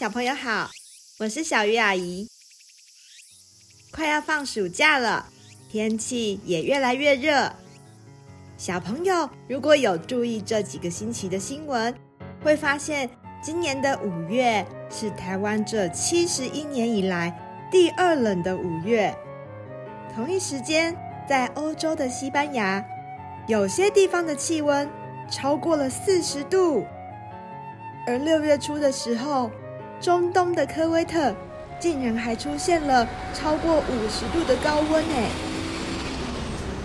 小朋友好，我是小魚阿姨。快要放暑假了，天氣也越來越熱。小朋友，如果有注意這幾個星期的新聞，會發現今年的五月是台灣這七十一年以來第二冷的五月。同一時間，在歐洲的西班牙，有些地方的氣溫超過了四十度，而六月初的時候，中東的科威特竟然還出現了超過五十度的高溫哎，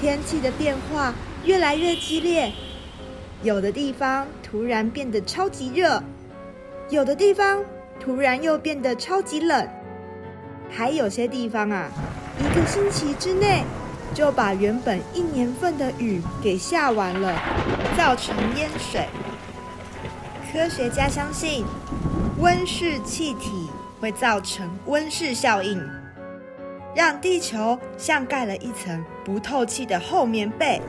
天氣的變化越來越激烈，有的地方突然變得超級熱，有的地方突然又變得超級冷，還有些地方啊，一個星期之內就把原本一年份的雨給下完了，造成淹水。科學家相信。溫室氣體會造成溫室效應，讓地球像蓋了一層不透氣的厚棉被，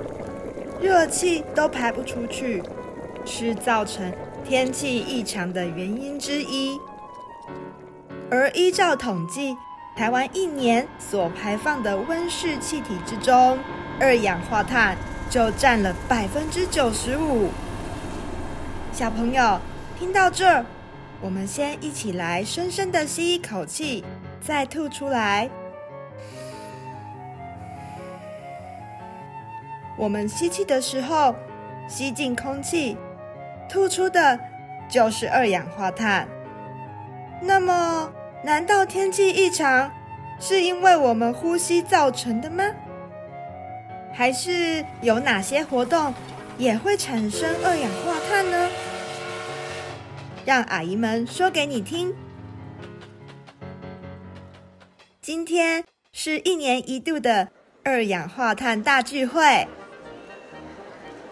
熱氣都排不出去，是造成天氣異常的原因之一。而依照統計，台灣一年所排放的溫室氣體之中，二氧化碳就佔了百分之九十五。小朋友，聽到這兒。我們先一起來深深的吸一口氣，再吐出來。我們吸氣的時候，吸進空氣，吐出的就是二氧化碳。那麼，難道天氣異常是因為我們呼吸造成的嗎？還是有哪些活動也會產生二氧化碳呢？讓阿姨們說給你聽。今天是一年一度的二氧化碳大聚會，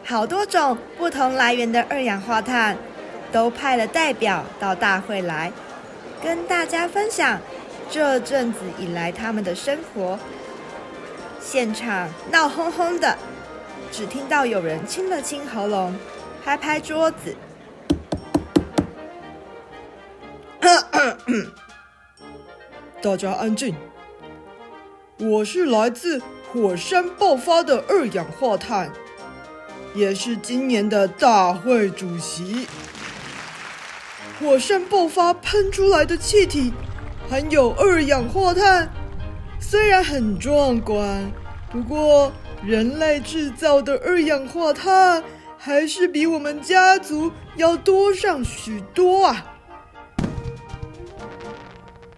好多種不同來源的二氧化碳都派了代表到大會來，跟大家分享這陣子以來他們的生活。現場鬧哄哄的，只聽到有人清了清喉嚨，拍拍桌子。嗯，大家安靜。我是來自火山爆發的二氧化碳，也是今年的大會主席。火山爆發噴出來的氣體含有二氧化碳，雖然很壯觀，不過人類製造的二氧化碳還是比我們家族要多上許多啊。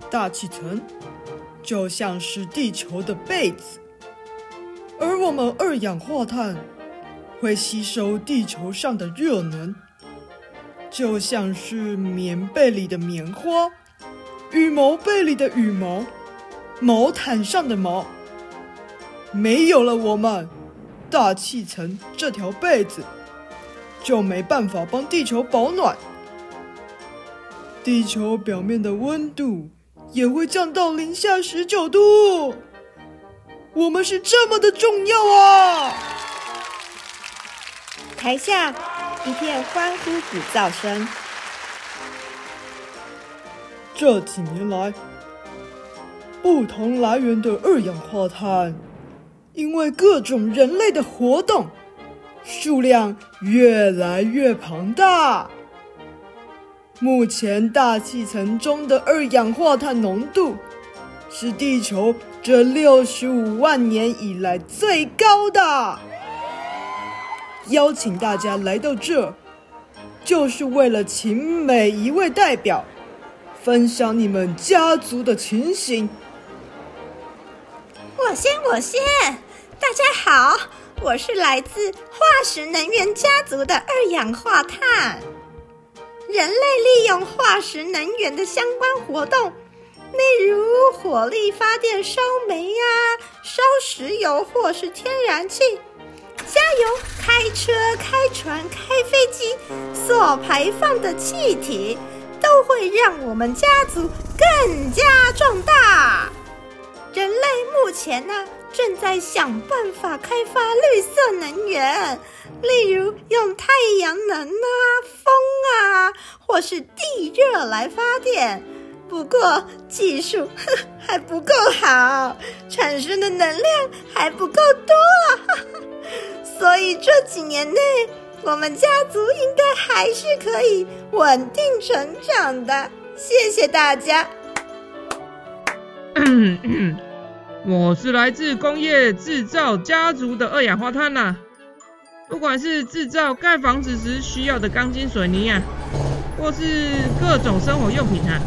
大氣層就像是地球的被子，而我們二氧化碳會吸收地球上的熱能，就像是棉被裡的棉花、羽毛被裡的羽毛、毛毯上的毛。沒有了我們大氣層這條被子，就沒辦法幫地球保暖，地球表面的溫度也會降到零下十九度。我們是這麼的重要啊！台下一片歡呼鼓噪聲。這幾年來，不同來源的二氧化碳，因為各種人類的活動，數量越來越龐大。目前大氣層中的二氧化碳濃度是地球這六十五萬年以來最高的。邀請大家來到這，就是為了請每一位代表分享你們家族的情形。我先，我先。大家好，我是來自化石能源家族的二氧化碳。人類利用化石能源的相關活動，例如火力發電、啊、燒煤呀、燒石油或是天然氣，加油、開車、開船、開飛機所排放的氣體，都會讓我們家族更加壯大。人類目前呢，正在想辦法開發綠色能源，例如用太陽能啊、風啊，或是地熱來發電。不過技術呵，還不夠好，產生的能量還不夠多呵呵，所以這幾年內我們家族應該還是可以穩定成長的。謝謝大家。咳咳我是來自工業製造家族的二氧化碳吶、啊。不管是製造蓋房子時需要的鋼筋水泥啊，或是各種生活用品啊，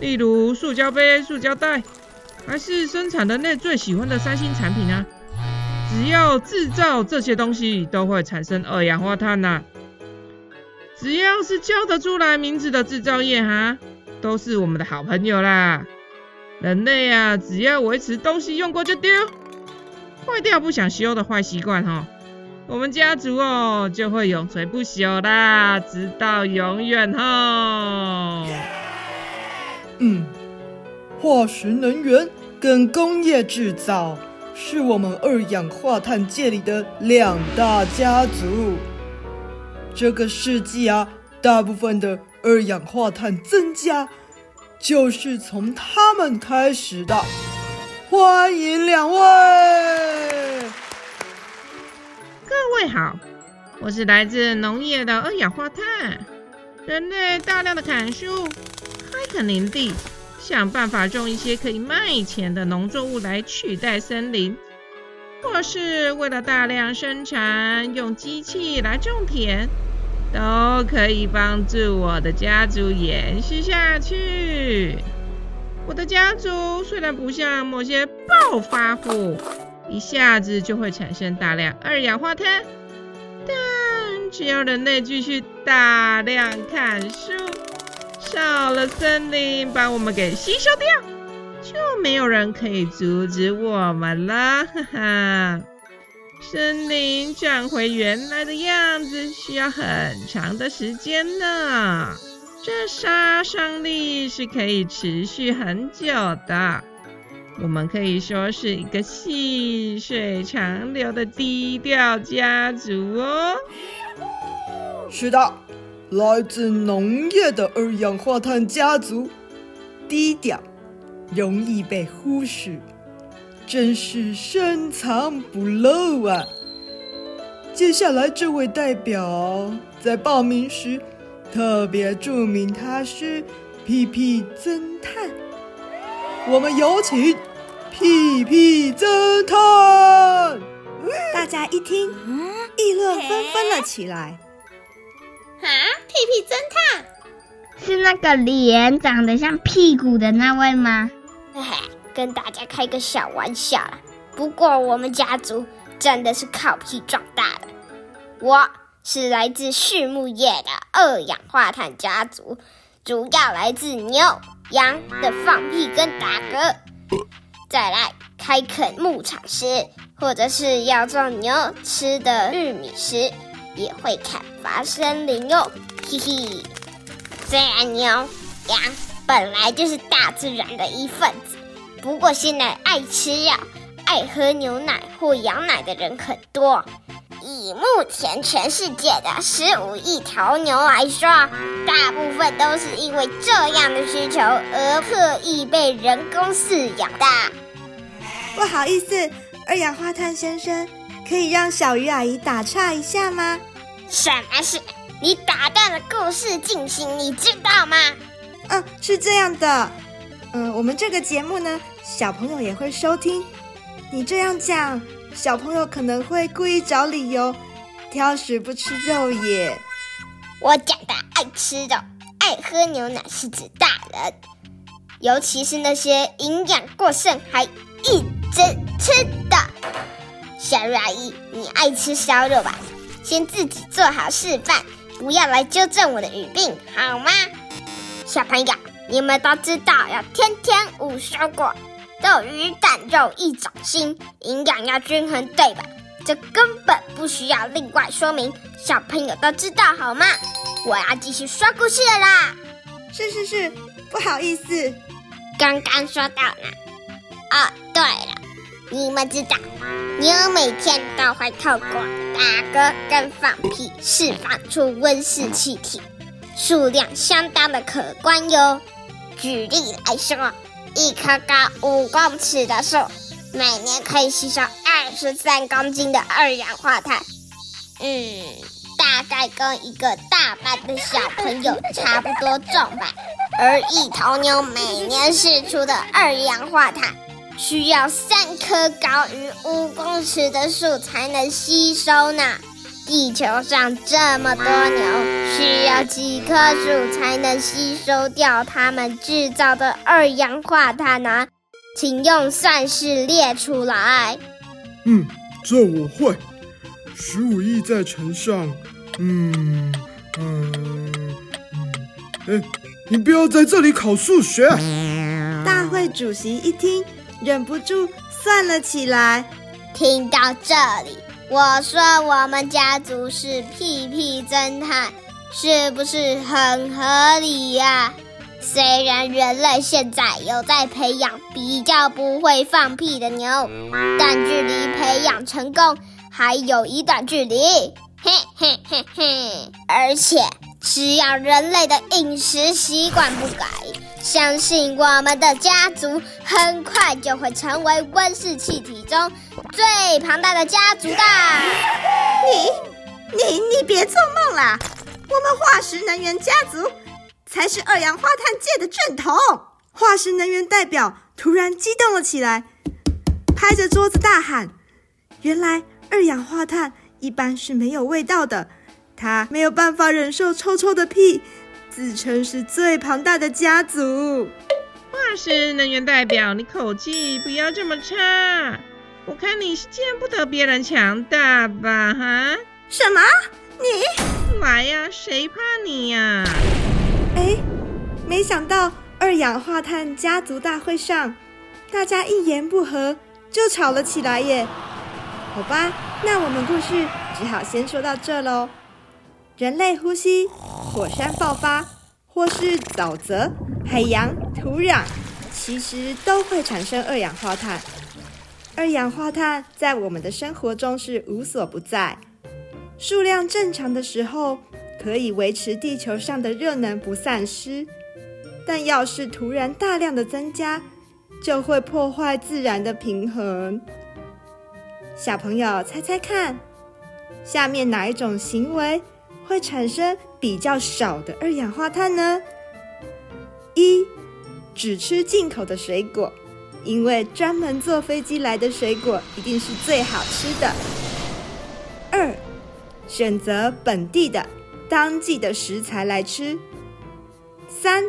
例如塑膠杯、塑膠袋，還是生產的那最喜歡的三星產品啊，只要製造這些東西，都會產生二氧化碳吶、啊。只要是叫得出來名字的製造業哈、啊，都是我們的好朋友啦。人類啊，只要維持東西用過就丟，壞掉不想修的壞習慣哈。我們家族哦、喔，就會永垂不朽啦，直到永遠哈。Yeah. 嗯，化石能源跟工業製造是我們二氧化碳界裡的兩大家族。這個世紀啊，大部分的二氧化碳增加。就是從他們開始的。歡迎兩位。各位好，我是來自農業的二氧化碳。人類大量的砍樹、開墾林地，想辦法種一些可以賣錢的農作物來取代森林，或是為了大量生產，用機器來種田。都可以幫助我的家族延續下去。我的家族雖然不像某些暴發戶，一下子就會產生大量二氧化碳，但只要人類繼續大量砍樹，少了森林把我們給吸收掉，就沒有人可以阻止我們了，哈哈。森林長回原來的樣子需要很長的時間呢，這殺傷力是可以持續很久的。我們可以說是一個細水長流的低調家族哦。是的，來自農業的二氧化碳家族，低調，容易被忽視。真是深藏不露啊！接下來這位代表在報名時特別注明他是“屁屁偵探”，我們有請“屁屁偵探”。大家一聽，議論紛紛了起來。啊，屁屁偵探是那個臉長得像屁股的那位嗎？跟大家開個小玩笑啦，不過我們家族真的是靠屁壯大的。我是來自畜牧業的二氧化碳家族，主要來自牛羊的放屁跟打嗝。再來開墾牧場時，或者是要種牛吃的玉米時，也會砍伐森林哦，嘿嘿。雖然牛羊本來就是大自然的一份子。不過現在愛吃藥、愛喝牛奶或羊奶的人很多。以目前全世界的十五億頭牛來說，大部分都是因為這樣的需求而刻意被人工飼養的。不好意思，二氧化碳先生，可以讓小魚阿姨打岔，一下嗎？什麼事？你打斷了故事進行，你知道嗎？嗯、啊，是這樣的。嗯、呃，我們這個節目呢，小朋友也會收聽。你這樣講，小朋友可能會故意找理由挑食不吃肉耶。我講的愛吃肉、愛喝牛奶是指大人，尤其是那些營養過剩還一直吃的。小魚阿姨，你愛吃燒肉吧？先自己做好示範，不要來糾正我的語病好嗎？小朋友，你們都知道要天天五蔬果、豆魚蛋肉一掌心，營養要均衡，對吧？這根本不需要另外說明，小朋友都知道好嗎？我要繼續說故事了啦！是是是，不好意思，剛剛說到哪？哦，對了，你們知道，牛每天都會透過打嗝跟放屁釋放出溫室氣體，數量相當的可觀喲。舉例來說，一棵高五公尺的樹，每年可以吸收二十三公斤的二氧化碳。嗯，大概跟一個大班的小朋友差不多重吧。而一頭牛每年釋出的二氧化碳，需要三棵高於五公尺的樹才能吸收呢。地球上這麼多牛，需。幾棵樹才能吸收掉他們制造的二氧化碳呢、啊？請用算式列出來。嗯，這我會。十五億再乘上……嗯嗯哎、嗯，你不要在這裡考數學！喵大會主席一聽，忍不住算了起來。聽到這裡，我說我們家族是屁屁偵探。是不是很合理呀？雖然人類現在有在培養比較不會放屁的牛，但距離培養成功還有一段距離。嘿嘿嘿嘿，而且只要人類的飲食習慣不改，相信我們的家族很快就會成為溫室氣體中最龐大的家族的。你、你、你別做夢了！我們化石能源家族才是二氧化碳界的正統。化石能源代表突然激動了起來，拍着桌子大喊：“原來二氧化碳一般是沒有味道的，它沒有辦法忍受臭臭的屁，自稱是最龐大的家族。”化石能源代表，你口氣不要這麼差，我看你是見不得別人強大吧？哈，什麼？你？來呀、啊，誰怕你呀、啊？哎，沒想到二氧化碳家族大會上，大家一言不合就吵了起來耶。好吧，那我們故事只好先說到這嘍。人類呼吸、火山爆發，或是沼澤、海洋、土壤，其實都會產生二氧化碳。二氧化碳在我們的生活中是無所不在。數量正常的時候，可以維持地球上的熱能不散失。但要是突然大量的增加，就會破壞自然的平衡。小朋友，猜猜看，下面哪一種行為會產生比較少的二氧化碳呢？一，只吃進口的水果，因為專門坐飛機來的水果一定是最好吃的。選擇本地的當季的食材來吃。三，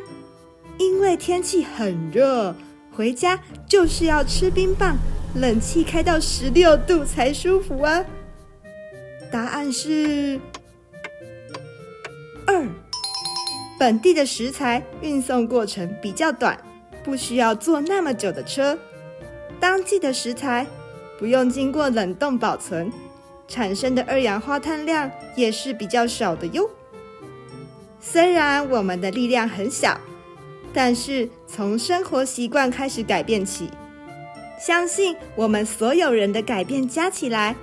因為天氣很熱，回家就是要吃冰棒，冷氣開到十六度才舒服啊。答案是二，本地的食材運送過程比較短，不需要坐那麼久的車，當季的食材不用經過冷凍保存。產生的二氧化碳量也是比較少的喲。雖然我們的力量很小，但是從生活習慣開始改變起，相信我們所有人的改變加起來，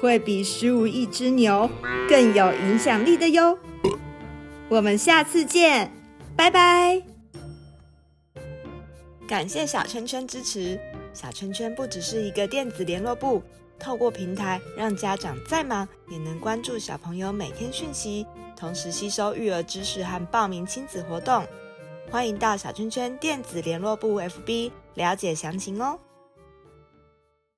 會比十五億隻牛更有影響力的喲。我們下次見，拜拜。感謝小圈圈支持，小圈圈不只是一個電子聯絡簿。透過平台，讓家長再忙也能關注小朋友每天訊息，同時吸收育兒知識和報名親子活動。歡迎到小圈圈電子聯絡簿 FB 了解詳情哦。